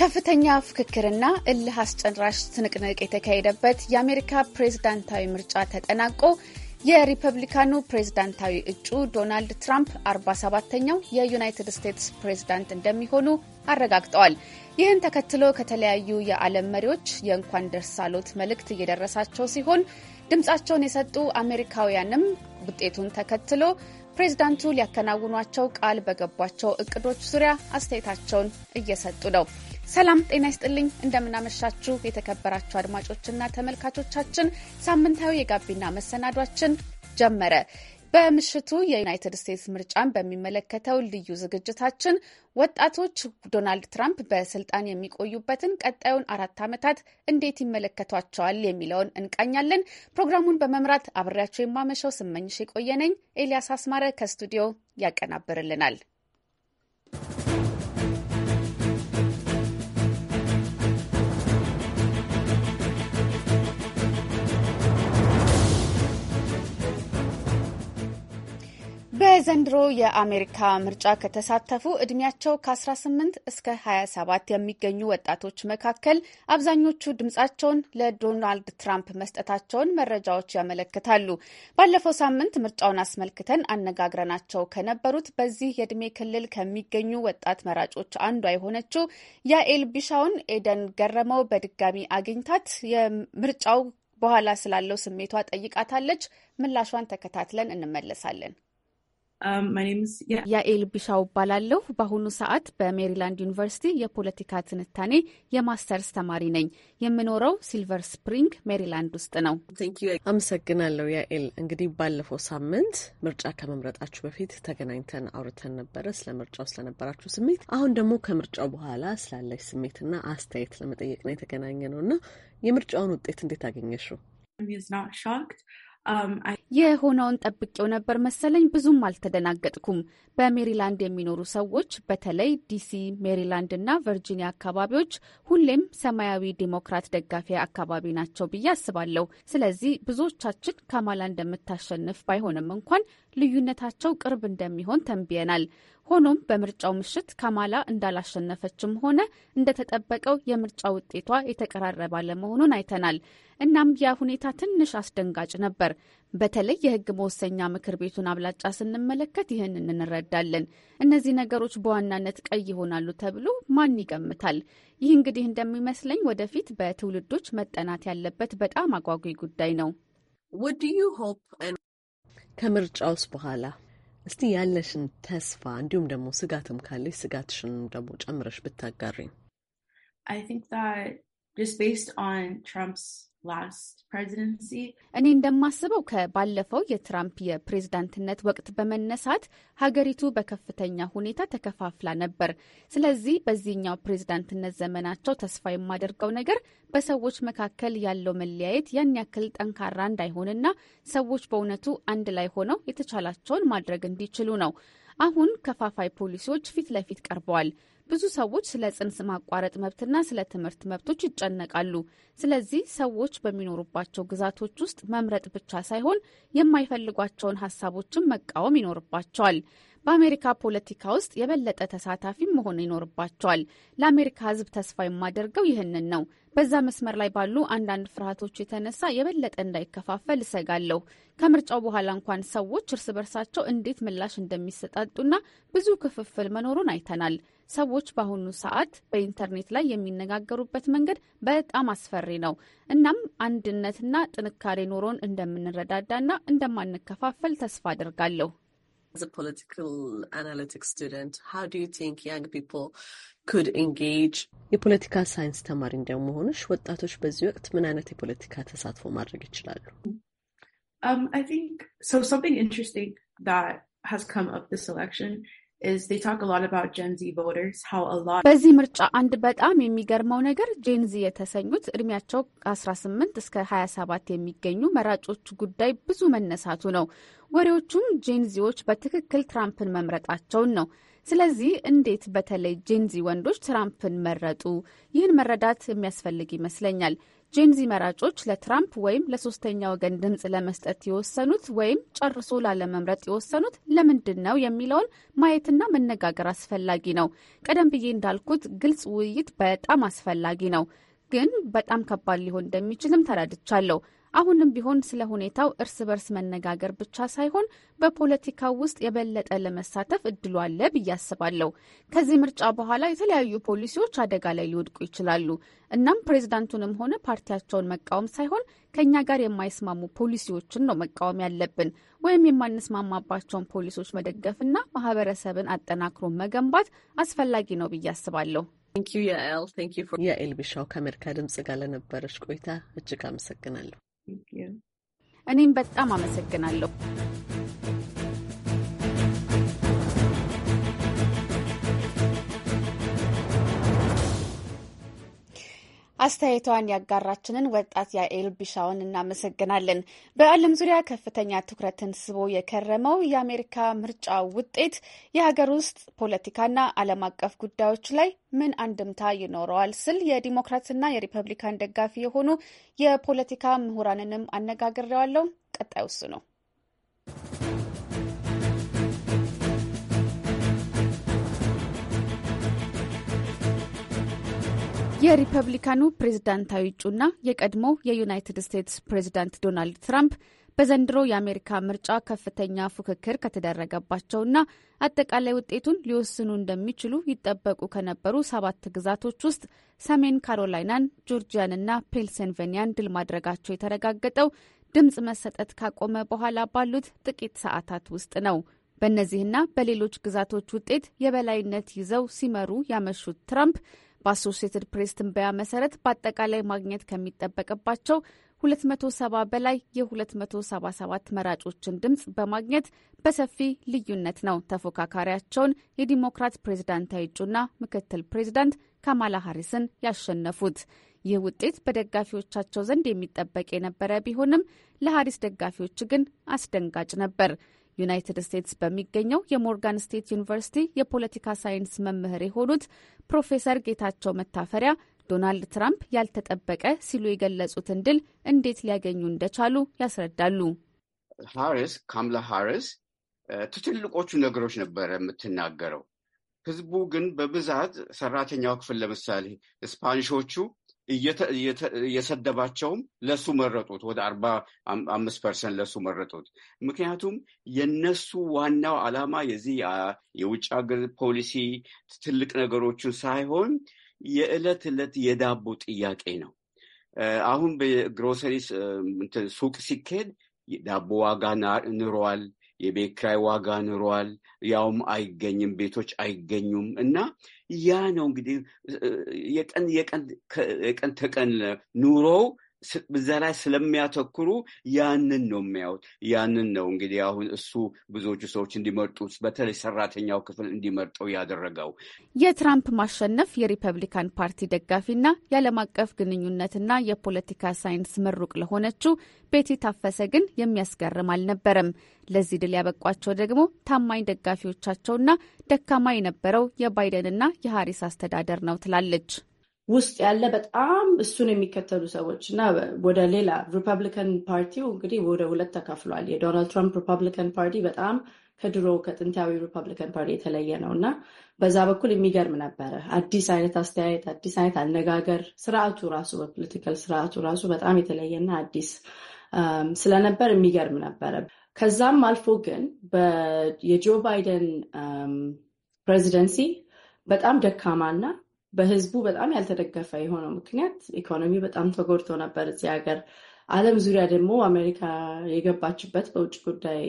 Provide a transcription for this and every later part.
ከፍተኛ ፍክክርና እልህ አስጨራሽ ትንቅንቅ የተካሄደበት የአሜሪካ ፕሬዝዳንታዊ ምርጫ ተጠናቆ የሪፐብሊካኑ ፕሬዝዳንታዊ እጩ ዶናልድ ትራምፕ 47ተኛው የዩናይትድ ስቴትስ ፕሬዝዳንት እንደሚሆኑ አረጋግጠዋል። ይህን ተከትሎ ከተለያዩ የዓለም መሪዎች የእንኳን ደስ አሎት መልእክት እየደረሳቸው ሲሆን ድምፃቸውን የሰጡ አሜሪካውያንም ውጤቱን ተከትሎ ፕሬዝዳንቱ ሊያከናውኗቸው ቃል በገቧቸው እቅዶች ዙሪያ አስተያየታቸውን እየሰጡ ነው። ሰላም ጤና ይስጥልኝ። እንደምናመሻችሁ የተከበራችሁ አድማጮችና ተመልካቾቻችን ሳምንታዊ የጋቢና መሰናዷችን ጀመረ። በምሽቱ የዩናይትድ ስቴትስ ምርጫን በሚመለከተው ልዩ ዝግጅታችን ወጣቶች ዶናልድ ትራምፕ በስልጣን የሚቆዩበትን ቀጣዩን አራት ዓመታት እንዴት ይመለከቷቸዋል የሚለውን እንቃኛለን። ፕሮግራሙን በመምራት አብሬያቸው የማመሸው ስመኝሽ የቆየነኝ። ኤልያስ አስማረ ከስቱዲዮ ያቀናብርልናል። በዘንድሮ የአሜሪካ ምርጫ ከተሳተፉ እድሜያቸው ከ18 እስከ 27 የሚገኙ ወጣቶች መካከል አብዛኞቹ ድምጻቸውን ለዶናልድ ትራምፕ መስጠታቸውን መረጃዎች ያመለክታሉ። ባለፈው ሳምንት ምርጫውን አስመልክተን አነጋግረናቸው ከነበሩት በዚህ የእድሜ ክልል ከሚገኙ ወጣት መራጮች አንዷ የሆነችው ያኤል ቢሻውን ኤደን ገረመው በድጋሚ አግኝታት የምርጫው በኋላ ስላለው ስሜቷ ጠይቃታለች። ምላሿን ተከታትለን እንመለሳለን። Um, ያኤል ቢሻው እባላለሁ። በአሁኑ ሰዓት በሜሪላንድ ዩኒቨርሲቲ የፖለቲካ ትንታኔ የማስተርስ ተማሪ ነኝ። የምኖረው ሲልቨር ስፕሪንግ ሜሪላንድ ውስጥ ነው። አመሰግናለሁ ያኤል። እንግዲህ ባለፈው ሳምንት ምርጫ ከመምረጣችሁ በፊት ተገናኝተን አውርተን ነበረ ስለ ምርጫው ስለነበራችሁ ስሜት። አሁን ደግሞ ከምርጫው በኋላ ስላለች ስሜትና አስተያየት ለመጠየቅ ነው የተገናኘ ነው እና የምርጫውን ውጤት እንዴት አገኘሽው? Um, የሆነውን ጠብቄው ነበር መሰለኝ። ብዙም አልተደናገጥኩም። በሜሪላንድ የሚኖሩ ሰዎች በተለይ ዲሲ፣ ሜሪላንድ እና ቨርጂኒያ አካባቢዎች ሁሌም ሰማያዊ ዲሞክራት ደጋፊ አካባቢ ናቸው ብዬ አስባለሁ። ስለዚህ ብዙዎቻችን ካማላ እንደምታሸንፍ ባይሆንም እንኳን ልዩነታቸው ቅርብ እንደሚሆን ተንብየናል። ሆኖም በምርጫው ምሽት ካማላ እንዳላሸነፈችም ሆነ እንደተጠበቀው የምርጫ ውጤቷ የተቀራረበ አለመሆኑን አይተናል። እናም ያ ሁኔታ ትንሽ አስደንጋጭ ነበር። በተለይ የሕግ መወሰኛ ምክር ቤቱን አብላጫ ስንመለከት ይህን እንረዳለን። እነዚህ ነገሮች በዋናነት ቀይ ይሆናሉ ተብሎ ማን ይገምታል? ይህ እንግዲህ እንደሚመስለኝ ወደፊት በትውልዶች መጠናት ያለበት በጣም አጓጊ ጉዳይ ነው። ከምርጫውስ በኋላ እስቲ ያለሽን ተስፋ እንዲሁም ደግሞ ስጋትም ካለሽ ስጋትሽን ደግሞ ጨምረሽ ብታጋሪኝ። I think that just based on Trump's እኔ እንደማስበው ከባለፈው የትራምፕ የፕሬዝዳንትነት ወቅት በመነሳት ሀገሪቱ በከፍተኛ ሁኔታ ተከፋፍላ ነበር። ስለዚህ በዚህኛው ፕሬዝዳንትነት ዘመናቸው ተስፋ የማደርገው ነገር በሰዎች መካከል ያለው መለያየት ያን ያክል ጠንካራ እንዳይሆንና ሰዎች በእውነቱ አንድ ላይ ሆነው የተቻላቸውን ማድረግ እንዲችሉ ነው። አሁን ከፋፋይ ፖሊሲዎች ፊት ለፊት ቀርበዋል። ብዙ ሰዎች ስለ ጽንስ ማቋረጥ መብትና ስለ ትምህርት መብቶች ይጨነቃሉ። ስለዚህ ሰዎች በሚኖሩባቸው ግዛቶች ውስጥ መምረጥ ብቻ ሳይሆን የማይፈልጓቸውን ሀሳቦችን መቃወም ይኖርባቸዋል። በአሜሪካ ፖለቲካ ውስጥ የበለጠ ተሳታፊ መሆን ይኖርባቸዋል። ለአሜሪካ ሕዝብ ተስፋ የማደርገው ይህንን ነው። በዛ መስመር ላይ ባሉ አንዳንድ ፍርሃቶች የተነሳ የበለጠ እንዳይከፋፈል እሰጋለሁ። ከምርጫው በኋላ እንኳን ሰዎች እርስ በርሳቸው እንዴት ምላሽ እንደሚሰጣጡና ብዙ ክፍፍል መኖሩን አይተናል። ሰዎች በአሁኑ ሰዓት በኢንተርኔት ላይ የሚነጋገሩበት መንገድ በጣም አስፈሪ ነው። እናም አንድነትና ጥንካሬ ኖሮን እንደምንረዳዳና እንደማንከፋፈል ተስፋ አድርጋለሁ። የፖለቲካ ሳይንስ ተማሪ እንደመሆንሽ ወጣቶች በዚህ ወቅት ምን አይነት የፖለቲካ ተሳትፎ ማድረግ ይችላሉ? Um, በዚህ ምርጫ አንድ በጣም የሚገርመው ነገር ጄንዚ የተሰኙት እድሜያቸው 18 እስከ 27 የሚገኙ መራጮች ጉዳይ ብዙ መነሳቱ ነው። ወሬዎቹም ጄንዚዎች በትክክል ትራምፕን መምረጣቸውን ነው። ስለዚህ እንዴት በተለይ ጄንዚ ወንዶች ትራምፕን መረጡ? ይህን መረዳት የሚያስፈልግ ይመስለኛል። ጄንዚ መራጮች ለትራምፕ ወይም ለሶስተኛ ወገን ድምፅ ለመስጠት የወሰኑት ወይም ጨርሶ ላለመምረጥ የወሰኑት ለምንድን ነው የሚለውን ማየትና መነጋገር አስፈላጊ ነው። ቀደም ብዬ እንዳልኩት ግልጽ ውይይት በጣም አስፈላጊ ነው፣ ግን በጣም ከባድ ሊሆን እንደሚችልም ተረድቻለሁ። አሁንም ቢሆን ስለ ሁኔታው እርስ በርስ መነጋገር ብቻ ሳይሆን በፖለቲካው ውስጥ የበለጠ ለመሳተፍ እድሉ አለ ብዬ አስባለሁ። ከዚህ ምርጫ በኋላ የተለያዩ ፖሊሲዎች አደጋ ላይ ሊወድቁ ይችላሉ። እናም ፕሬዝዳንቱንም ሆነ ፓርቲያቸውን መቃወም ሳይሆን ከእኛ ጋር የማይስማሙ ፖሊሲዎችን ነው መቃወም ያለብን ወይም የማንስማማባቸውን ፖሊሲዎች መደገፍና ማህበረሰብን አጠናክሮ መገንባት አስፈላጊ ነው ብዬ አስባለሁ። ያኤል ቢሻው ከአሜሪካ ድምጽ ጋር ለነበረች ቆይታ እጅግ አመሰግናለሁ። እኔም በጣም አመሰግናለሁ። አስተያየቷን ያጋራችንን ወጣት ያኤል ቢሻውን እናመሰግናለን። በዓለም ዙሪያ ከፍተኛ ትኩረትን ስቦ የከረመው የአሜሪካ ምርጫ ውጤት የሀገር ውስጥ ፖለቲካና ዓለም አቀፍ ጉዳዮች ላይ ምን አንድምታ ይኖረዋል ስል የዲሞክራትና የሪፐብሊካን ደጋፊ የሆኑ የፖለቲካ ምሁራንንም አነጋግሬዋለሁ። ቀጣይ ውስ ነው። የሪፐብሊካኑ ፕሬዝዳንታዊ እጩና የቀድሞ የዩናይትድ ስቴትስ ፕሬዝዳንት ዶናልድ ትራምፕ በዘንድሮ የአሜሪካ ምርጫ ከፍተኛ ፉክክር ከተደረገባቸውና አጠቃላይ ውጤቱን ሊወስኑ እንደሚችሉ ይጠበቁ ከነበሩ ሰባት ግዛቶች ውስጥ ሰሜን ካሮላይናን፣ ጆርጂያንና ፔንስልቬንያን ድል ማድረጋቸው የተረጋገጠው ድምፅ መሰጠት ካቆመ በኋላ ባሉት ጥቂት ሰዓታት ውስጥ ነው። በእነዚህና በሌሎች ግዛቶች ውጤት የበላይነት ይዘው ሲመሩ ያመሹት ትራምፕ በአሶሲየትድ ፕሬስ ትንበያ መሰረት በአጠቃላይ ማግኘት ከሚጠበቅባቸው 270 በላይ የ277 መራጮችን ድምፅ በማግኘት በሰፊ ልዩነት ነው ተፎካካሪያቸውን የዲሞክራት ፕሬዝዳንታዊ እጩና ምክትል ፕሬዝዳንት ካማላ ሀሪስን ያሸነፉት። ይህ ውጤት በደጋፊዎቻቸው ዘንድ የሚጠበቅ የነበረ ቢሆንም ለሀሪስ ደጋፊዎች ግን አስደንጋጭ ነበር። ዩናይትድ ስቴትስ በሚገኘው የሞርጋን ስቴት ዩኒቨርሲቲ የፖለቲካ ሳይንስ መምህር የሆኑት ፕሮፌሰር ጌታቸው መታፈሪያ ዶናልድ ትራምፕ ያልተጠበቀ ሲሉ የገለጹትን ድል እንዴት ሊያገኙ እንደቻሉ ያስረዳሉ። ሃሪስ ካምላ ሃሪስ ትትልቆቹ ነገሮች ነበረ የምትናገረው። ህዝቡ ግን በብዛት ሰራተኛው ክፍል ለምሳሌ ስፓኒሾቹ የሰደባቸውም ለሱ መረጡት። ወደ አርባ አምስት ፐርሰንት ለሱ መረጡት። ምክንያቱም የነሱ ዋናው ዓላማ የዚህ የውጭ ሀገር ፖሊሲ ትልቅ ነገሮችን ሳይሆን የዕለት ዕለት የዳቦ ጥያቄ ነው። አሁን በግሮሰሪ ሱቅ ሲካሄድ ዳቦ ዋጋ ንሯል። የቤት ኪራይ ዋጋ ኑሯል ያውም አይገኝም፣ ቤቶች አይገኙም። እና ያ ነው እንግዲህ የቀን ተቀን ኑሮው በዛ ላይ ስለሚያተኩሩ ያንን ነው የሚያዩት። ያንን ነው እንግዲህ አሁን እሱ ብዙዎቹ ሰዎች እንዲመርጡ በተለይ ሰራተኛው ክፍል እንዲመርጠው ያደረገው። የትራምፕ ማሸነፍ የሪፐብሊካን ፓርቲ ደጋፊና የዓለም አቀፍ ግንኙነትና የፖለቲካ ሳይንስ ምሩቅ ለሆነችው ቤቲ ታፈሰ ግን የሚያስገርም አልነበረም። ለዚህ ድል ያበቋቸው ደግሞ ታማኝ ደጋፊዎቻቸውና ደካማ የነበረው የባይደንና የሀሪስ አስተዳደር ነው ትላለች። ውስጥ ያለ በጣም እሱን የሚከተሉ ሰዎች እና ወደ ሌላ ሪፐብሊካን ፓርቲው እንግዲህ ወደ ሁለት ተከፍሏል። የዶናልድ ትራምፕ ሪፐብሊካን ፓርቲ በጣም ከድሮ ከጥንታዊ ሪፐብሊካን ፓርቲ የተለየ ነው እና በዛ በኩል የሚገርም ነበረ። አዲስ አይነት አስተያየት፣ አዲስ አይነት አነጋገር፣ ስርዓቱ ራሱ በፖለቲካል ስርዓቱ ራሱ በጣም የተለየና አዲስ ስለነበር የሚገርም ነበረ። ከዛም አልፎ ግን የጆ ባይደን ፕሬዚደንሲ በጣም ደካማ እና በህዝቡ በጣም ያልተደገፈ የሆነው ምክንያት ኢኮኖሚ በጣም ተጎድቶ ነበር እዚህ ሀገር። ዓለም ዙሪያ ደግሞ አሜሪካ የገባችበት በውጭ ጉዳይ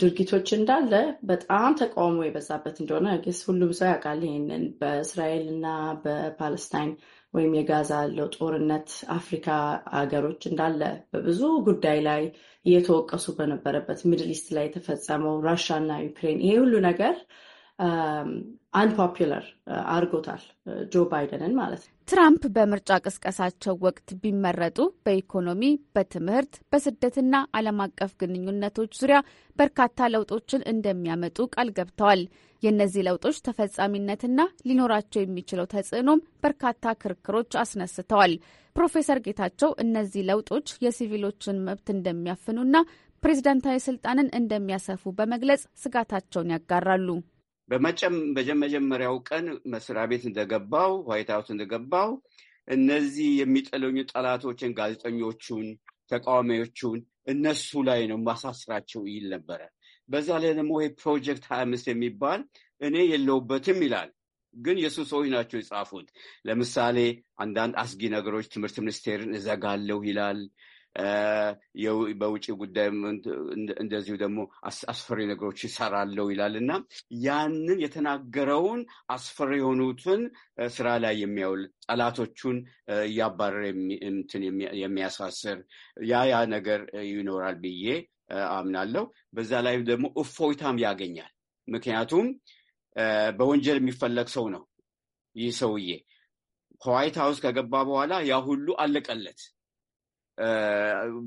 ድርጊቶች እንዳለ በጣም ተቃውሞ የበዛበት እንደሆነ ስ ሁሉም ሰው ያውቃል። ይህንን በእስራኤል እና በፓለስታይን ወይም የጋዛ ያለው ጦርነት አፍሪካ ሀገሮች እንዳለ በብዙ ጉዳይ ላይ እየተወቀሱ በነበረበት ሚድል ኢስት ላይ የተፈጸመው ራሻ እና ዩክሬን ይሄ ሁሉ ነገር አንፖፑለር um, uh, አድርጎታል ጆ uh, ባይደንን ማለት ነው። ትራምፕ በምርጫ ቅስቀሳቸው ወቅት ቢመረጡ በኢኮኖሚ፣ በትምህርት፣ በስደትና ዓለም አቀፍ ግንኙነቶች ዙሪያ በርካታ ለውጦችን እንደሚያመጡ ቃል ገብተዋል። የእነዚህ ለውጦች ተፈጻሚነትና ሊኖራቸው የሚችለው ተጽዕኖም በርካታ ክርክሮች አስነስተዋል። ፕሮፌሰር ጌታቸው እነዚህ ለውጦች የሲቪሎችን መብት እንደሚያፍኑና ፕሬዝዳንታዊ ስልጣንን እንደሚያሰፉ በመግለጽ ስጋታቸውን ያጋራሉ። በመጀመሪያው ቀን መስሪያ ቤት እንደገባው ዋይት ሀውስ እንደገባው እነዚህ የሚጠለኙ ጠላቶችን፣ ጋዜጠኞቹን፣ ተቃዋሚዎቹን እነሱ ላይ ነው ማሳስራቸው ይል ነበረ። በዛ ላይ ደግሞ ይሄ ፕሮጀክት ሀያ አምስት የሚባል እኔ የለውበትም ይላል፣ ግን የእሱ ሰዎች ናቸው የጻፉት። ለምሳሌ አንዳንድ አስጊ ነገሮች ትምህርት ሚኒስቴርን እዘጋለሁ ይላል። በውጭ ጉዳይ እንደዚሁ ደግሞ አስፈሪ ነገሮች ይሰራለው ይላል እና ያንን የተናገረውን አስፈሪ የሆኑትን ስራ ላይ የሚያውል ጠላቶቹን እያባረረ እንትን የሚያሳስር ያ ያ ነገር ይኖራል ብዬ አምናለሁ። በዛ ላይ ደግሞ እፎይታም ያገኛል። ምክንያቱም በወንጀል የሚፈለግ ሰው ነው ይህ ሰውዬ። ከዋይት ሀውስ ከገባ በኋላ ያ ሁሉ አለቀለት።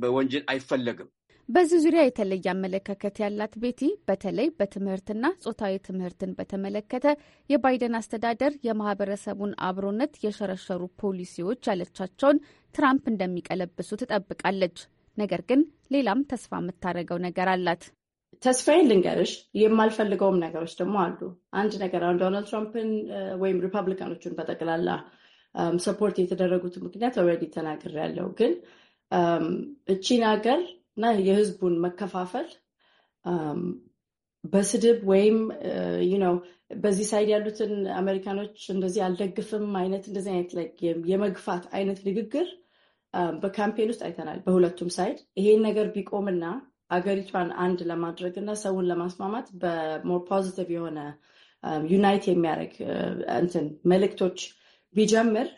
በወንጀል አይፈለግም። በዚህ ዙሪያ የተለየ አመለካከት ያላት ቤቲ በተለይ በትምህርትና ጾታዊ ትምህርትን በተመለከተ የባይደን አስተዳደር የማህበረሰቡን አብሮነት የሸረሸሩ ፖሊሲዎች ያለቻቸውን ትራምፕ እንደሚቀለብሱ ትጠብቃለች። ነገር ግን ሌላም ተስፋ የምታደርገው ነገር አላት። ተስፋዬ ልንገርሽ፣ የማልፈልገውም ነገሮች ደግሞ አሉ። አንድ ነገር አሁን ዶናልድ ትራምፕን ወይም ሪፐብሊካኖቹን በጠቅላላ ሰፖርት የተደረጉት ምክንያት ኦልሬዲ ተናግሬያለሁ ግን እቺን ሀገር እና የህዝቡን መከፋፈል በስድብ ወይም ነው በዚህ ሳይድ ያሉትን አሜሪካኖች እንደዚህ አልደግፍም አይነት እንደዚህ አይነት የመግፋት አይነት ንግግር በካምፔን ውስጥ አይተናል። በሁለቱም ሳይድ ይሄን ነገር ቢቆምና አገሪቷን አንድ ለማድረግ እና ሰውን ለማስማማት በሞር ፖዚቲቭ የሆነ ዩናይት የሚያደርግ እንትን መልእክቶች ቢጀምር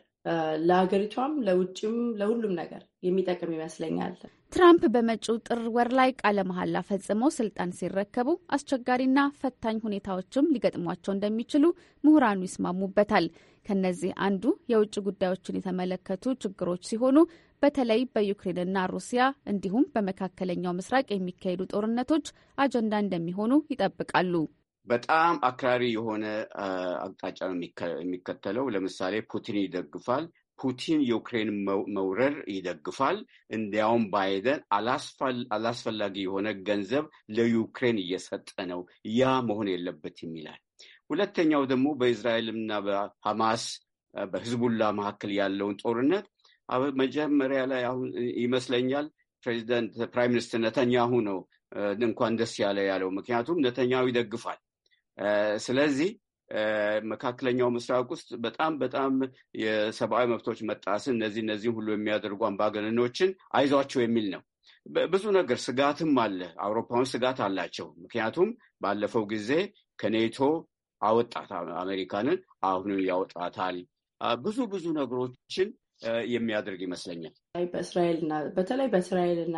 ለሀገሪቷም ለውጭም ለሁሉም ነገር የሚጠቅም ይመስለኛል። ትራምፕ በመጪው ጥር ወር ላይ ቃለ መሐላ ፈጽመው ስልጣን ሲረከቡ አስቸጋሪና ፈታኝ ሁኔታዎችም ሊገጥሟቸው እንደሚችሉ ምሁራኑ ይስማሙበታል። ከነዚህ አንዱ የውጭ ጉዳዮችን የተመለከቱ ችግሮች ሲሆኑ በተለይ በዩክሬንና ሩሲያ እንዲሁም በመካከለኛው ምስራቅ የሚካሄዱ ጦርነቶች አጀንዳ እንደሚሆኑ ይጠብቃሉ። በጣም አክራሪ የሆነ አቅጣጫ ነው የሚከተለው። ለምሳሌ ፑቲን ይደግፋል። ፑቲን የዩክሬን መውረር ይደግፋል። እንዲያውም ባይደን አላስፈላጊ የሆነ ገንዘብ ለዩክሬን እየሰጠ ነው፣ ያ መሆን የለበትም ይላል። ሁለተኛው ደግሞ በእስራኤልና በሐማስ በህዝቡላ መካከል ያለውን ጦርነት መጀመሪያ ላይ አሁን ይመስለኛል ፕሬዚደንት ፕራይም ሚኒስትር ነተኛሁ ነው እንኳን ደስ ያለ ያለው። ምክንያቱም ነተኛሁ ይደግፋል ስለዚህ መካከለኛው ምስራቅ ውስጥ በጣም በጣም የሰብአዊ መብቶች መጣስን እነዚህ እነዚህ ሁሉ የሚያደርጉ አምባገነኖችን አይዟቸው የሚል ነው። ብዙ ነገር ስጋትም አለ። አውሮፓውን ስጋት አላቸው። ምክንያቱም ባለፈው ጊዜ ከኔቶ አወጣት አሜሪካንን፣ አሁን ያወጣታል። ብዙ ብዙ ነገሮችን የሚያደርግ ይመስለኛል። በእስራኤልና በተለይ በእስራኤልና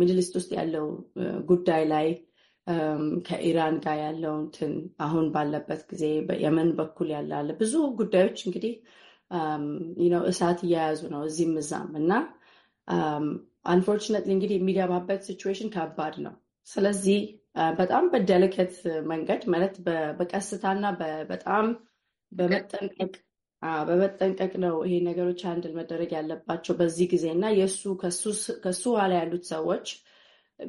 ሚድል ኢስት ውስጥ ያለው ጉዳይ ላይ ከኢራን ጋር ያለው እንትን አሁን ባለበት ጊዜ የምን በኩል ያለ አለ ብዙ ጉዳዮች እንግዲህ እሳት እየያዙ ነው እዚህም እዛም እና አንፎርችነትሊ እንግዲህ የሚገባበት ሲቹዌሽን ከባድ ነው። ስለዚህ በጣም በደልከት መንገድ ማለት በቀስታና በጣም በመጠንቀቅ በመጠንቀቅ ነው ይሄ ነገሮች አንድል መደረግ ያለባቸው በዚህ ጊዜ እና የእሱ ከሱ ኋላ ያሉት ሰዎች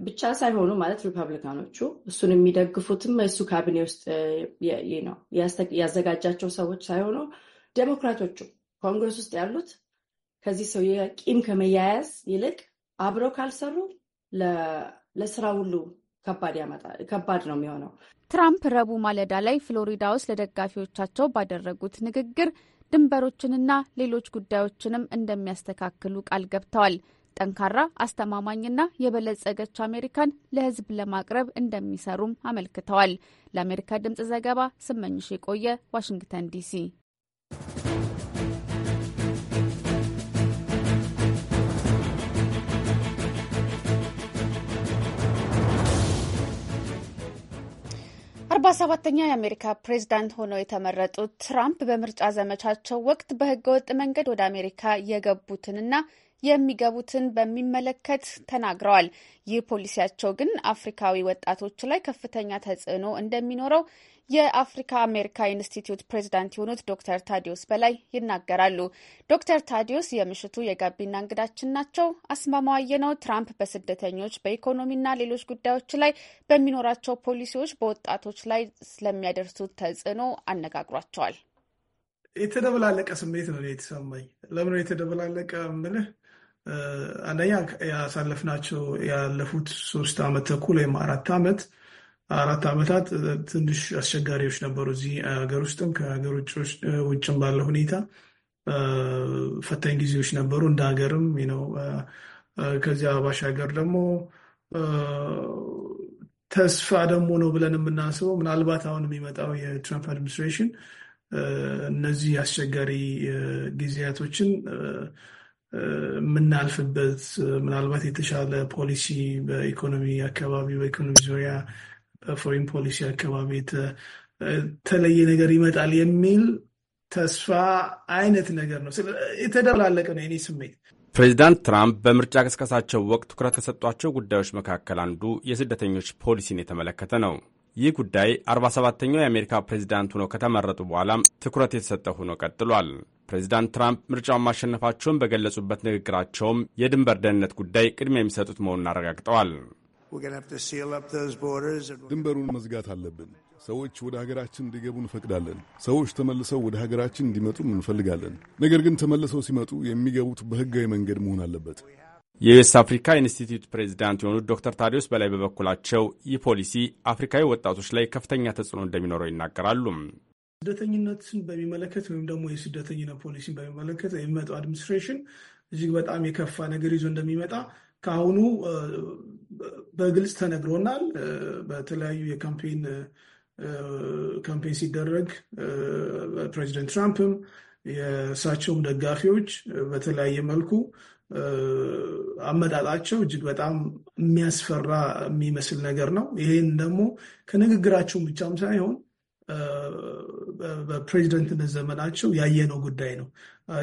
ብቻ ሳይሆኑ ማለት ሪፐብሊካኖቹ እሱን የሚደግፉትም እሱ ካቢኔ ውስጥ ነው ያዘጋጃቸው ሰዎች ሳይሆኑ ዴሞክራቶቹ ኮንግረስ ውስጥ ያሉት ከዚህ ሰው የቂም ከመያያዝ ይልቅ አብረው ካልሰሩ ለስራ ሁሉ ከባድ ነው የሚሆነው። ትራምፕ ረቡዕ ማለዳ ላይ ፍሎሪዳ ውስጥ ለደጋፊዎቻቸው ባደረጉት ንግግር ድንበሮችንና ሌሎች ጉዳዮችንም እንደሚያስተካክሉ ቃል ገብተዋል። ጠንካራ አስተማማኝና የበለጸገች አሜሪካን ለህዝብ ለማቅረብ እንደሚሰሩም አመልክተዋል። ለአሜሪካ ድምጽ ዘገባ ስመኝሽ የቆየ ዋሽንግተን ዲሲ። አርባ ሰባተኛ የአሜሪካ ፕሬዚዳንት ሆነው የተመረጡት ትራምፕ በምርጫ ዘመቻቸው ወቅት በህገወጥ መንገድ ወደ አሜሪካ የገቡትንና የሚገቡትን በሚመለከት ተናግረዋል። ይህ ፖሊሲያቸው ግን አፍሪካዊ ወጣቶች ላይ ከፍተኛ ተጽዕኖ እንደሚኖረው የአፍሪካ አሜሪካ ኢንስቲትዩት ፕሬዚዳንት የሆኑት ዶክተር ታዲዮስ በላይ ይናገራሉ። ዶክተር ታዲዮስ የምሽቱ የጋቢና እንግዳችን ናቸው። አስማማዋየ ነው ትራምፕ በስደተኞች በኢኮኖሚና ሌሎች ጉዳዮች ላይ በሚኖራቸው ፖሊሲዎች በወጣቶች ላይ ስለሚያደርሱት ተጽዕኖ አነጋግሯቸዋል። የተደበላለቀ ስሜት ነው የተሰማኝ። ለምን የተደበላለቀ ምልህ አንደኛ ያሳለፍናቸው ያለፉት ሶስት ዓመት ተኩል ወይም አራት ዓመት አራት ዓመታት ትንሽ አስቸጋሪዎች ነበሩ። እዚህ ሀገር ውስጥም ከሀገር ውጭም ባለ ሁኔታ ፈታኝ ጊዜዎች ነበሩ። እንደ ሀገርም ነው። ከዚያ ባሻገር ደግሞ ተስፋ ደግሞ ነው ብለን የምናስበው ምናልባት አሁን የሚመጣው የትራምፕ አድሚኒስትሬሽን እነዚህ አስቸጋሪ ጊዜያቶችን የምናልፍበት ምናልባት የተሻለ ፖሊሲ በኢኮኖሚ አካባቢ በኢኮኖሚ ዙሪያ በፎሬን ፖሊሲ አካባቢ የተለየ ነገር ይመጣል የሚል ተስፋ አይነት ነገር ነው። የተደላለቀ ነው የኔ ስሜት። ፕሬዚዳንት ትራምፕ በምርጫ ቅስቀሳቸው ወቅት ትኩረት ከሰጧቸው ጉዳዮች መካከል አንዱ የስደተኞች ፖሊሲን የተመለከተ ነው። ይህ ጉዳይ 47ኛው የአሜሪካ ፕሬዚዳንት ሆኖ ከተመረጡ በኋላም ትኩረት የተሰጠ ሆኖ ቀጥሏል። ፕሬዚዳንት ትራምፕ ምርጫውን ማሸነፋቸውን በገለጹበት ንግግራቸውም የድንበር ደህንነት ጉዳይ ቅድሚያ የሚሰጡት መሆኑን አረጋግጠዋል። ድንበሩን መዝጋት አለብን። ሰዎች ወደ ሀገራችን እንዲገቡ እንፈቅዳለን። ሰዎች ተመልሰው ወደ ሀገራችን እንዲመጡ እንፈልጋለን። ነገር ግን ተመልሰው ሲመጡ የሚገቡት በህጋዊ መንገድ መሆን አለበት። የዩኤስ አፍሪካ ኢንስቲትዩት ፕሬዚዳንት የሆኑት ዶክተር ታዲዮስ በላይ በበኩላቸው ይህ ፖሊሲ አፍሪካዊ ወጣቶች ላይ ከፍተኛ ተጽዕኖ እንደሚኖረው ይናገራሉ። ስደተኝነትን በሚመለከት ወይም ደግሞ የስደተኝነት ፖሊሲን በሚመለከት የሚመጣው አድሚኒስትሬሽን እጅግ በጣም የከፋ ነገር ይዞ እንደሚመጣ ከአሁኑ በግልጽ ተነግሮናል። በተለያዩ የካምፔን ካምፔን ሲደረግ ፕሬዚደንት ትራምፕም የእሳቸውም ደጋፊዎች በተለያየ መልኩ አመጣጣቸው እጅግ በጣም የሚያስፈራ የሚመስል ነገር ነው። ይህን ደግሞ ከንግግራቸውን ብቻም ሳይሆን በፕሬዚደንትነት ዘመናቸው ያየነው ጉዳይ ነው።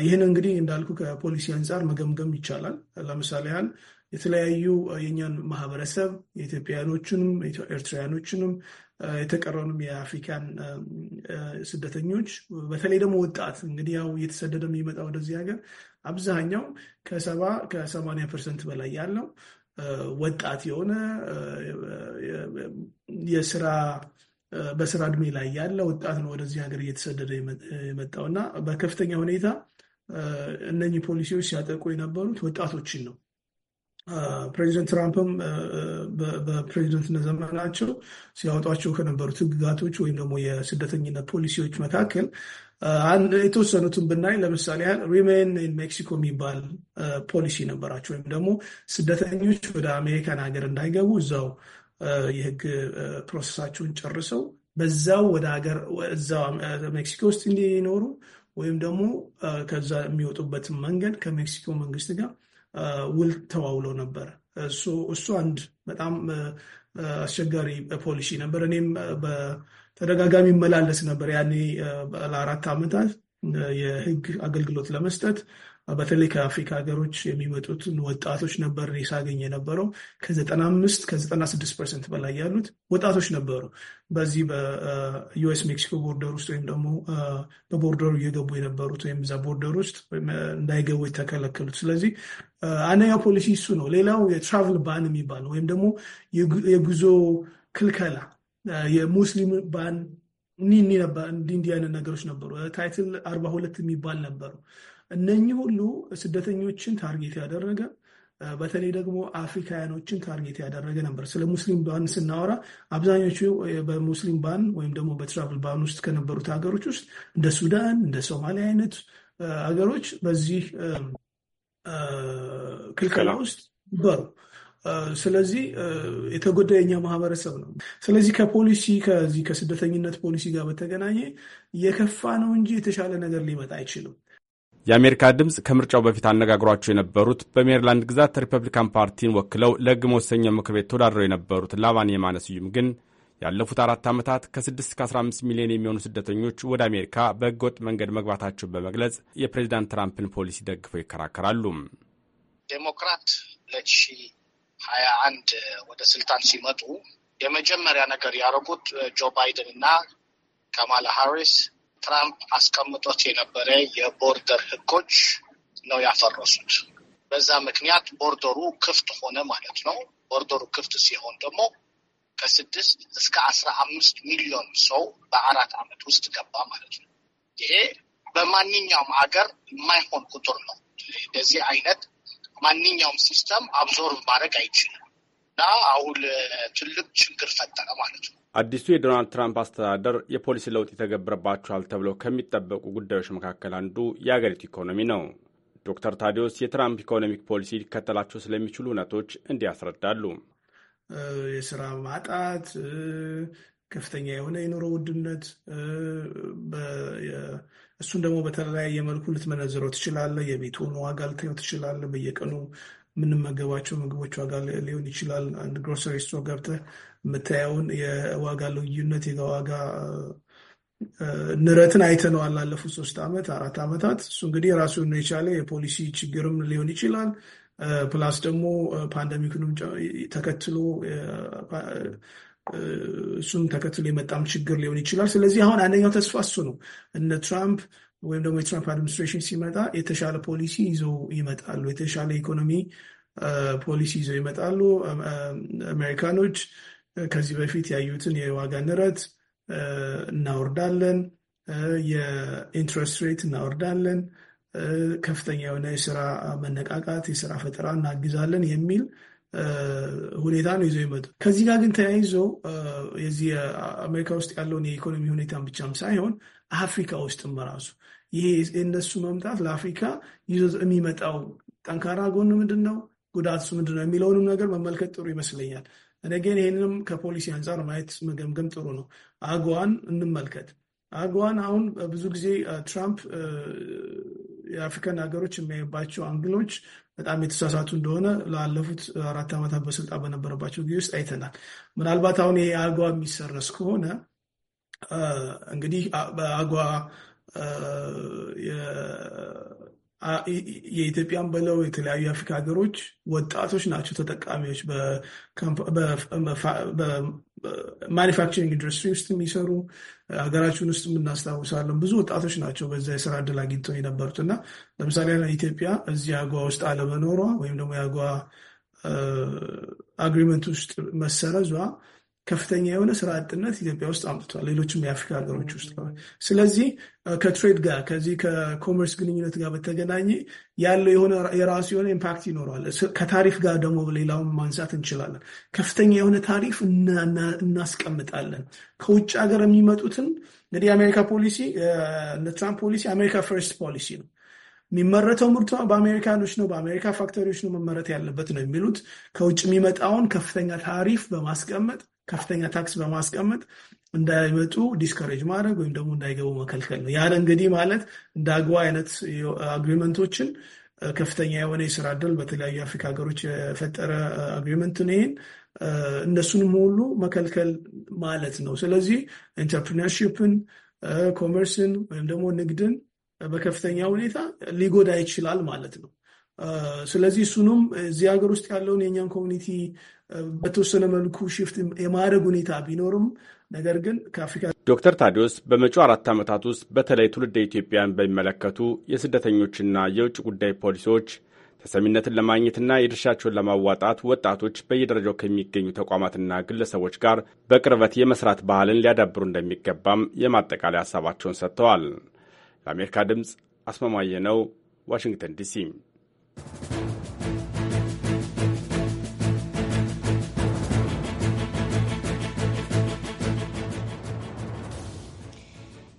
ይህን እንግዲህ እንዳልኩ ከፖሊሲ አንጻር መገምገም ይቻላል። ለምሳሌ ያህል የተለያዩ የእኛን ማህበረሰብ የኢትዮጵያውያኖችንም ኤርትራውያኖችንም የተቀረውንም የአፍሪካን ስደተኞች በተለይ ደግሞ ወጣት እንግዲህ ያው እየተሰደደ የሚመጣ ወደዚህ ሀገር አብዛኛው ከሰባ ከሰማንያ ፐርሰንት በላይ ያለው ወጣት የሆነ የስራ በስራ እድሜ ላይ ያለ ወጣት ነው ወደዚህ ሀገር እየተሰደደ የመጣው እና በከፍተኛ ሁኔታ እነኚህ ፖሊሲዎች ሲያጠቁ የነበሩት ወጣቶችን ነው። ፕሬዚደንት ትራምፕም በፕሬዚደንትነት ዘመናቸው ሲያወጧቸው ከነበሩት ህግጋቶች ወይም ደግሞ የስደተኝነት ፖሊሲዎች መካከል የተወሰኑትን ብናይ ለምሳሌ ያህል ሪሜን ኢን ሜክሲኮ የሚባል ፖሊሲ ነበራቸው። ወይም ደግሞ ስደተኞች ወደ አሜሪካን ሀገር እንዳይገቡ እዛው የህግ ፕሮሰሳቸውን ጨርሰው በዛው ወደ ሀገር ሜክሲኮ ውስጥ እንዲኖሩ ወይም ደግሞ ከዛ የሚወጡበትን መንገድ ከሜክሲኮ መንግስት ጋር ውል ተዋውለው ነበር። እሱ አንድ በጣም አስቸጋሪ ፖሊሲ ነበር። እኔም በተደጋጋሚ መላለስ ነበር ያኔ ለአራት ዓመታት የህግ አገልግሎት ለመስጠት በተለይ ከአፍሪካ ሀገሮች የሚመጡትን ወጣቶች ነበር እኔ ሳገኝ የነበረው ከዘጠና አምስት ከዘጠና ስድስት ፐርሰንት በላይ ያሉት ወጣቶች ነበሩ። በዚህ በዩኤስ ሜክሲኮ ቦርደር ውስጥ ወይም ደግሞ በቦርደሩ እየገቡ የነበሩት ወይም እዛ ቦርደር ውስጥ እንዳይገቡ የተከለከሉት። ስለዚህ አንደኛው ፖሊሲ እሱ ነው። ሌላው የትራቭል ባን የሚባል ነው ወይም ደግሞ የጉዞ ክልከላ የሙስሊም ባን እንዲህ እንዲህ አይነት ነገሮች ነበሩ። ታይትል አርባ ሁለት የሚባል ነበሩ እነኚህ ሁሉ ስደተኞችን ታርጌት ያደረገ በተለይ ደግሞ አፍሪካውያኖችን ታርጌት ያደረገ ነበር። ስለ ሙስሊም ባን ስናወራ አብዛኞቹ በሙስሊም ባን ወይም ደግሞ በትራቭል ባን ውስጥ ከነበሩት ሀገሮች ውስጥ እንደ ሱዳን፣ እንደ ሶማሊያ አይነት ሀገሮች በዚህ ክልከላ ውስጥ ነበሩ። ስለዚህ የተጎዳ የኛ ማህበረሰብ ነው። ስለዚህ ከፖሊሲ ከዚህ ከስደተኝነት ፖሊሲ ጋር በተገናኘ የከፋ ነው እንጂ የተሻለ ነገር ሊመጣ አይችልም። የአሜሪካ ድምፅ ከምርጫው በፊት አነጋግሯቸው የነበሩት በሜሪላንድ ግዛት ሪፐብሊካን ፓርቲን ወክለው ለሕግ መወሰኛው ምክር ቤት ተወዳድረው የነበሩት ላቫን የማነ ስዩም ግን ያለፉት አራት ዓመታት ከ6 እስከ 15 ሚሊዮን የሚሆኑ ስደተኞች ወደ አሜሪካ በህገወጥ መንገድ መግባታቸውን በመግለጽ የፕሬዚዳንት ትራምፕን ፖሊሲ ደግፈው ይከራከራሉ። ዴሞክራት 2021 ወደ ስልጣን ሲመጡ የመጀመሪያ ነገር ያደረጉት ጆ ባይደን እና ካማላ ሃሪስ ትራምፕ አስቀምጦት የነበረ የቦርደር ህጎች ነው ያፈረሱት። በዛ ምክንያት ቦርደሩ ክፍት ሆነ ማለት ነው። ቦርደሩ ክፍት ሲሆን ደግሞ ከስድስት እስከ አስራ አምስት ሚሊዮን ሰው በአራት ዓመት ውስጥ ገባ ማለት ነው። ይሄ በማንኛውም ሀገር የማይሆን ቁጥር ነው። እንደዚህ አይነት ማንኛውም ሲስተም አብዞርቭ ማድረግ አይችልም። እና አሁን ትልቅ ችግር ፈጠረ ማለት ነው። አዲሱ የዶናልድ ትራምፕ አስተዳደር የፖሊሲ ለውጥ የተገበረባቸዋል ተብለው ከሚጠበቁ ጉዳዮች መካከል አንዱ የአገሪቱ ኢኮኖሚ ነው። ዶክተር ታዲዮስ የትራምፕ ኢኮኖሚክ ፖሊሲ ሊከተላቸው ስለሚችሉ እውነቶች እንዲህ ያስረዳሉ። የስራ ማጣት፣ ከፍተኛ የሆነ የኑሮ ውድነት፣ እሱን ደግሞ በተለያየ መልኩ ልትመነዝረው ትችላለህ። የቤቱን ዋጋ ልታየው ትችላለህ። በየቀኑ የምንመገባቸው ምግቦች ዋጋ ሊሆን ይችላል። አንድ ግሮሰሪ ስቶ ገብተ የምታየውን የዋጋ ልዩነት የዋጋ ንረትን አይተነዋል ላለፉት ሶስት ዓመት አራት ዓመታት። እሱ እንግዲህ ራሱን የቻለ የፖሊሲ ችግርም ሊሆን ይችላል። ፕላስ ደግሞ ፓንደሚክንም ተከትሎ እሱም ተከትሎ የመጣም ችግር ሊሆን ይችላል። ስለዚህ አሁን አንደኛው ተስፋ እሱ ነው። እነ ትራምፕ ወይም ደግሞ የትራምፕ አድሚኒስትሬሽን ሲመጣ የተሻለ ፖሊሲ ይዘው ይመጣሉ። የተሻለ ኢኮኖሚ ፖሊሲ ይዘው ይመጣሉ። አሜሪካኖች ከዚህ በፊት ያዩትን የዋጋ ንረት እናወርዳለን፣ የኢንትረስት ሬት እናወርዳለን፣ ከፍተኛ የሆነ የስራ መነቃቃት፣ የስራ ፈጠራ እናግዛለን የሚል ሁኔታ ነው ይዘው ይመጡ። ከዚህ ጋር ግን ተያይዞ የዚህ አሜሪካ ውስጥ ያለውን የኢኮኖሚ ሁኔታን ብቻም ሳይሆን አፍሪካ ውስጥም ራሱ ይሄ የእነሱ መምጣት ለአፍሪካ ይዞ የሚመጣው ጠንካራ ጎን ምንድን ነው፣ ጉዳቱ ምንድን ነው የሚለውንም ነገር መመልከት ጥሩ ይመስለኛል። ነገን ይህንንም ከፖሊሲ አንጻር ማየት መገምገም ጥሩ ነው። አገዋን እንመልከት። አገዋን አሁን ብዙ ጊዜ ትራምፕ የአፍሪካን ሀገሮች የሚያይባቸው አንግሎች በጣም የተሳሳቱ እንደሆነ ላለፉት አራት ዓመታት በስልጣን በነበረባቸው ጊዜ ውስጥ አይተናል። ምናልባት አሁን ይሄ አጓ የሚሰረስ ከሆነ እንግዲህ በአጓ የኢትዮጵያን በለው የተለያዩ የአፍሪካ ሀገሮች ወጣቶች ናቸው ተጠቃሚዎች ማኒፋክቸሪንግ ኢንዱስትሪ ውስጥ የሚሰሩ ሀገራችን ውስጥ የምናስታውሳለን ብዙ ወጣቶች ናቸው በዛ የስራ እድል አግኝተው የነበሩት እና ለምሳሌ ኢትዮጵያ እዚህ አጓ ውስጥ አለመኖሯ ወይም ደግሞ የአጓ አግሪመንት ውስጥ መሰረዟ ከፍተኛ የሆነ ስራ አጥነት ኢትዮጵያ ውስጥ አምጥቷል፣ ሌሎችም የአፍሪካ ሀገሮች ውስጥ። ስለዚህ ከትሬድ ጋር ከዚህ ከኮመርስ ግንኙነት ጋር በተገናኘ ያለው የሆነ የራሱ የሆነ ኢምፓክት ይኖረዋል። ከታሪፍ ጋር ደግሞ ሌላውን ማንሳት እንችላለን። ከፍተኛ የሆነ ታሪፍ እናስቀምጣለን ከውጭ ሀገር የሚመጡትን እንግዲህ የአሜሪካ ፖሊሲ ትራምፕ ፖሊሲ አሜሪካ ፈርስት ፖሊሲ ነው። የሚመረተው ምርቷ በአሜሪካኖች ነው፣ በአሜሪካ ፋክተሪዎች ነው መመረት ያለበት ነው የሚሉት። ከውጭ የሚመጣውን ከፍተኛ ታሪፍ በማስቀመጥ ከፍተኛ ታክስ በማስቀመጥ እንዳይመጡ ዲስከሬጅ ማድረግ ወይም ደግሞ እንዳይገቡ መከልከል ነው። ያን እንግዲህ ማለት እንደ አግዋ አይነት አግሪመንቶችን ከፍተኛ የሆነ የስራ እድል በተለያዩ የአፍሪካ ሀገሮች የፈጠረ አግሪመንትን ይህን እነሱንም ሁሉ መከልከል ማለት ነው። ስለዚህ ኢንተርፕሪነርሽፕን ኮመርስን ወይም ደግሞ ንግድን በከፍተኛ ሁኔታ ሊጎዳ ይችላል ማለት ነው። ስለዚህ እሱንም እዚህ ሀገር ውስጥ ያለውን የእኛን ኮሚኒቲ በተወሰነ መልኩ ሽፍት የማድረግ ሁኔታ ቢኖርም ነገር ግን ከአፍሪካ ዶክተር ታዲዮስ በመጪው አራት ዓመታት ውስጥ በተለይ ትውልደ ኢትዮጵያን በሚመለከቱ የስደተኞችና የውጭ ጉዳይ ፖሊሲዎች ተሰሚነትን ለማግኘትና የድርሻቸውን ለማዋጣት ወጣቶች በየደረጃው ከሚገኙ ተቋማትና ግለሰቦች ጋር በቅርበት የመስራት ባህልን ሊያዳብሩ እንደሚገባም የማጠቃለያ ሀሳባቸውን ሰጥተዋል። ለአሜሪካ ድምፅ አስማማየ ነው፣ ዋሽንግተን ዲሲ።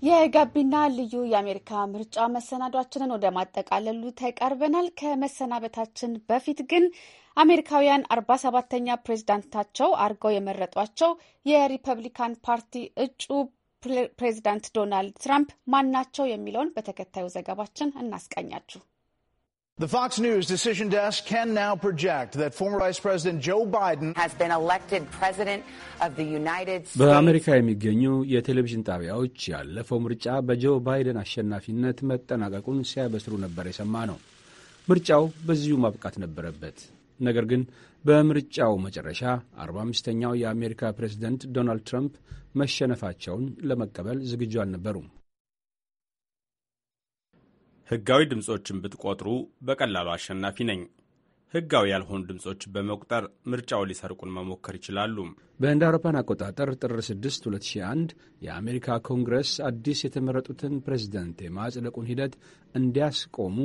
የጋቢና ልዩ የአሜሪካ ምርጫ መሰናዷችንን ወደ ማጠቃለሉ ተቃርበናል። ከመሰናበታችን በፊት ግን አሜሪካውያን አርባ ሰባተኛ ፕሬዝዳንታቸው አርገው የመረጧቸው የሪፐብሊካን ፓርቲ እጩ ፕሬዝዳንት ዶናልድ ትራምፕ ማን ናቸው የሚለውን በተከታዩ ዘገባችን እናስቃኛችሁ። The Fox News decision desk can now project that former Vice President Joe Biden has been elected president of the United States. በአሜሪካ የሚገኙ የቴሌቪዥን ጣቢያዎች ያለፈው ምርጫ በጆ ባይደን አሸናፊነት መጠናቀቁን ሲያበስሩ ነበር የሰማ ነው። ምርጫው በዚሁ ማብቃት ነበረበት። ነገር ግን በምርጫው መጨረሻ 45ኛው የአሜሪካ ፕሬዝደንት ዶናልድ ትራምፕ መሸነፋቸውን ለመቀበል ዝግጁ አልነበሩም። ህጋዊ ድምፆችን ብትቆጥሩ በቀላሉ አሸናፊ ነኝ። ህጋዊ ያልሆኑ ድምፆች በመቁጠር ምርጫው ሊሰርቁን መሞከር ይችላሉ። በእንደ አውሮፓን አቆጣጠር ጥር 6 2001 የአሜሪካ ኮንግረስ አዲስ የተመረጡትን ፕሬዚደንት የማጽደቁን ሂደት እንዲያስቆሙ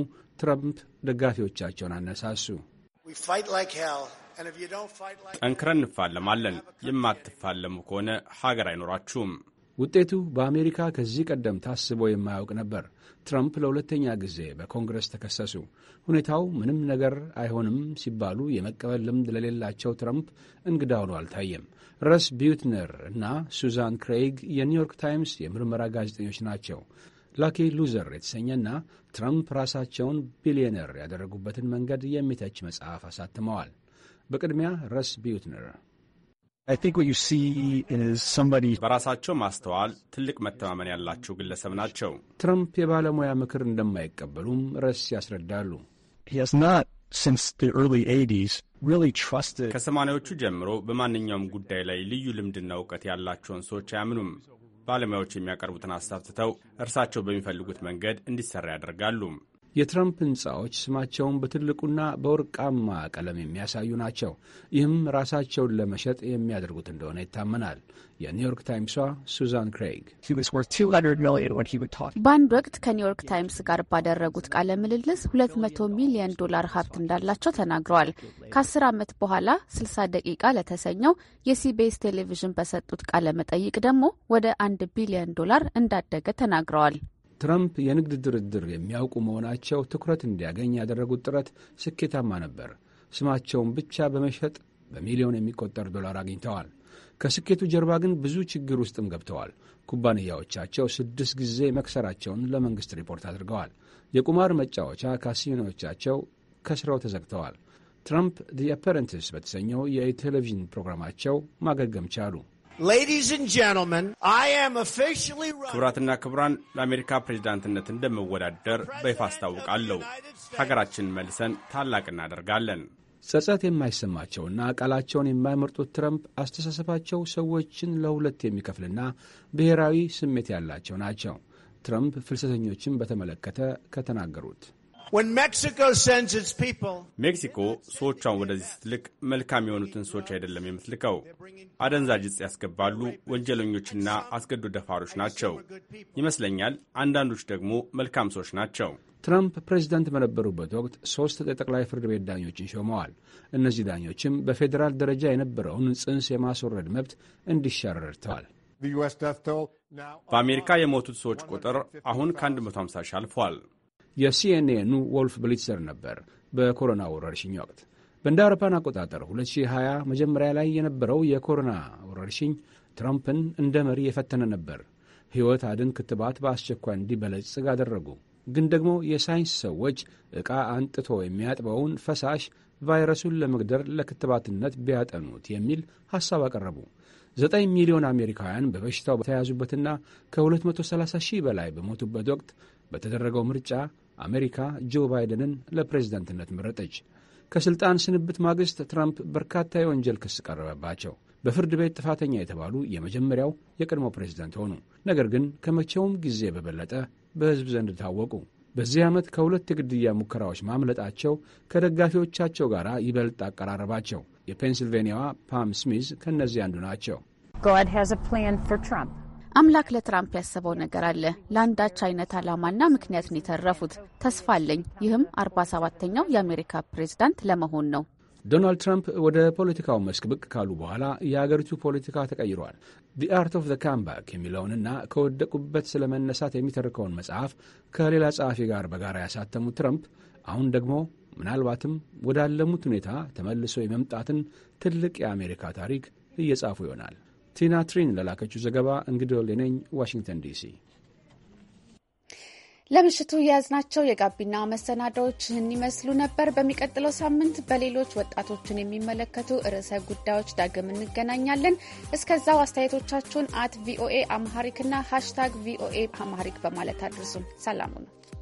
ትረምፕ ደጋፊዎቻቸውን አነሳሱ። ጠንክረን እንፋለማለን። የማትፋለሙ ከሆነ ሀገር አይኖራችሁም። ውጤቱ በአሜሪካ ከዚህ ቀደም ታስቦ የማያውቅ ነበር። ትራምፕ ለሁለተኛ ጊዜ በኮንግረስ ተከሰሱ። ሁኔታው ምንም ነገር አይሆንም ሲባሉ የመቀበል ልምድ ለሌላቸው ትራምፕ እንግዳ ሆኖ አልታየም። ረስ ቢዩትነር እና ሱዛን ክሬይግ የኒውዮርክ ታይምስ የምርመራ ጋዜጠኞች ናቸው። ላኪ ሉዘር የተሰኘና ትራምፕ ራሳቸውን ቢሊዮነር ያደረጉበትን መንገድ የሚተች መጽሐፍ አሳትመዋል። በቅድሚያ ረስ ቢዩትነር በራሳቸው ማስተዋል ትልቅ መተማመን ያላቸው ግለሰብ ናቸው። ትራምፕ የባለሙያ ምክር እንደማይቀበሉም ረስ ያስረዳሉ። ከሰማኒያዎቹ ጀምሮ በማንኛውም ጉዳይ ላይ ልዩ ልምድና እውቀት ያላቸውን ሰዎች አያምኑም። ባለሙያዎች የሚያቀርቡትን ሀሳብ እርሳቸው በሚፈልጉት መንገድ እንዲሰራ ያደርጋሉ። የትራምፕ ሕንፃዎች ስማቸውን በትልቁና በወርቃማ ቀለም የሚያሳዩ ናቸው። ይህም ራሳቸውን ለመሸጥ የሚያደርጉት እንደሆነ ይታመናል። የኒውዮርክ ታይምሷ ሱዛን ክሬግ በአንድ ወቅት ከኒውዮርክ ታይምስ ጋር ባደረጉት ቃለ ምልልስ 200 ሚሊዮን ዶላር ሀብት እንዳላቸው ተናግረዋል። ከ10 ዓመት በኋላ 60 ደቂቃ ለተሰኘው የሲቢኤስ ቴሌቪዥን በሰጡት ቃለ መጠይቅ ደግሞ ወደ 1 ቢሊዮን ዶላር እንዳደገ ተናግረዋል። ትራምፕ የንግድ ድርድር የሚያውቁ መሆናቸው ትኩረት እንዲያገኝ ያደረጉት ጥረት ስኬታማ ነበር። ስማቸውን ብቻ በመሸጥ በሚሊዮን የሚቆጠር ዶላር አግኝተዋል። ከስኬቱ ጀርባ ግን ብዙ ችግር ውስጥም ገብተዋል። ኩባንያዎቻቸው ስድስት ጊዜ መክሰራቸውን ለመንግሥት ሪፖርት አድርገዋል። የቁማር መጫወቻ ካሲኖዎቻቸው ከስረው ተዘግተዋል። ትራምፕ ዲ አፐረንትስ በተሰኘው የቴሌቪዥን ፕሮግራማቸው ማገገም ቻሉ። ክቡራትና ክቡራን ለአሜሪካ ፕሬዚዳንትነት እንደምወዳደር በይፋ አስታውቃለሁ። ሀገራችን መልሰን ታላቅ እናደርጋለን። ጸጸት የማይሰማቸውና ቃላቸውን የማይመርጡት ትረምፕ አስተሳሰባቸው ሰዎችን ለሁለት የሚከፍልና ብሔራዊ ስሜት ያላቸው ናቸው። ትረምፕ ፍልሰተኞችን በተመለከተ ከተናገሩት ሜክሲኮ ሰዎቿን ወደዚህ ስትልክ መልካም የሆኑትን ሰዎች አይደለም የምትልከው። አደንዛዥ ዕፅ ያስገባሉ፣ ወንጀለኞችና አስገዶ ደፋሮች ናቸው ይመስለኛል። አንዳንዶች ደግሞ መልካም ሰዎች ናቸው። ትራምፕ ፕሬዚዳንት በነበሩበት ወቅት ሶስት የጠቅላይ ፍርድ ቤት ዳኞችን ሾመዋል። እነዚህ ዳኞችም በፌዴራል ደረጃ የነበረውን ጽንስ የማስወረድ መብት እንዲሻር ረድተዋል። በአሜሪካ የሞቱት ሰዎች ቁጥር አሁን ከ150 ሺህ አልፏል። የሲኤንኤኑ ወልፍ ብሊትሰር ነበር። በኮሮና ወረርሽኝ ወቅት በእንደ አውሮፓን አቆጣጠር 2020 መጀመሪያ ላይ የነበረው የኮሮና ወረርሽኝ ትራምፕን እንደ መሪ የፈተነ ነበር። ሕይወት አድን ክትባት በአስቸኳይ እንዲበለጽግ አደረጉ። ግን ደግሞ የሳይንስ ሰዎች ዕቃ አንጥቶ የሚያጥበውን ፈሳሽ ቫይረሱን ለመግደር ለክትባትነት ቢያጠኑት የሚል ሐሳብ አቀረቡ። 9 ሚሊዮን አሜሪካውያን በበሽታው በተያዙበትና ከ230 ሺህ በላይ በሞቱበት ወቅት በተደረገው ምርጫ አሜሪካ ጆ ባይደንን ለፕሬዝዳንትነት መረጠች። ከሥልጣን ስንብት ማግስት ትራምፕ በርካታ የወንጀል ክስ ቀረበባቸው። በፍርድ ቤት ጥፋተኛ የተባሉ የመጀመሪያው የቀድሞ ፕሬዝደንት ሆኑ። ነገር ግን ከመቼውም ጊዜ በበለጠ በሕዝብ ዘንድ ታወቁ። በዚህ ዓመት ከሁለት የግድያ ሙከራዎች ማምለጣቸው ከደጋፊዎቻቸው ጋር ይበልጥ አቀራረባቸው። የፔንስልቬንያዋ ፓም ስሚዝ ከእነዚህ አንዱ ናቸው። God has አምላክ ለትራምፕ ያሰበው ነገር አለ። ለአንዳች አይነት አላማና ምክንያት ነው የተረፉት። ተስፋ አለኝ። ይህም አርባ ሰባተኛው የአሜሪካ ፕሬዝዳንት ለመሆን ነው። ዶናልድ ትራምፕ ወደ ፖለቲካው መስክ ብቅ ካሉ በኋላ የአገሪቱ ፖለቲካ ተቀይሯል። ዲ አርት ኦፍ ዘ ካምባክ የሚለውንና ከወደቁበት ስለ መነሳት የሚተርከውን መጽሐፍ ከሌላ ጸሐፊ ጋር በጋራ ያሳተሙት ትራምፕ አሁን ደግሞ ምናልባትም ወዳለሙት ሁኔታ ተመልሶ የመምጣትን ትልቅ የአሜሪካ ታሪክ እየጻፉ ይሆናል። ቲና ትሪን ለላከችው ዘገባ እንግዲህ ሌነኝ ዋሽንግተን ዲሲ። ለምሽቱ የያዝናቸው የጋቢና መሰናዳዎች ይህን ይመስሉ ነበር። በሚቀጥለው ሳምንት በሌሎች ወጣቶችን የሚመለከቱ ርዕሰ ጉዳዮች ዳግም እንገናኛለን። እስከዛው አስተያየቶቻችሁን አት ቪኦኤ አምሃሪክና ሃሽታግ ቪኦኤ አምሃሪክ በማለት አድርሱን። ሰላሙ ነው።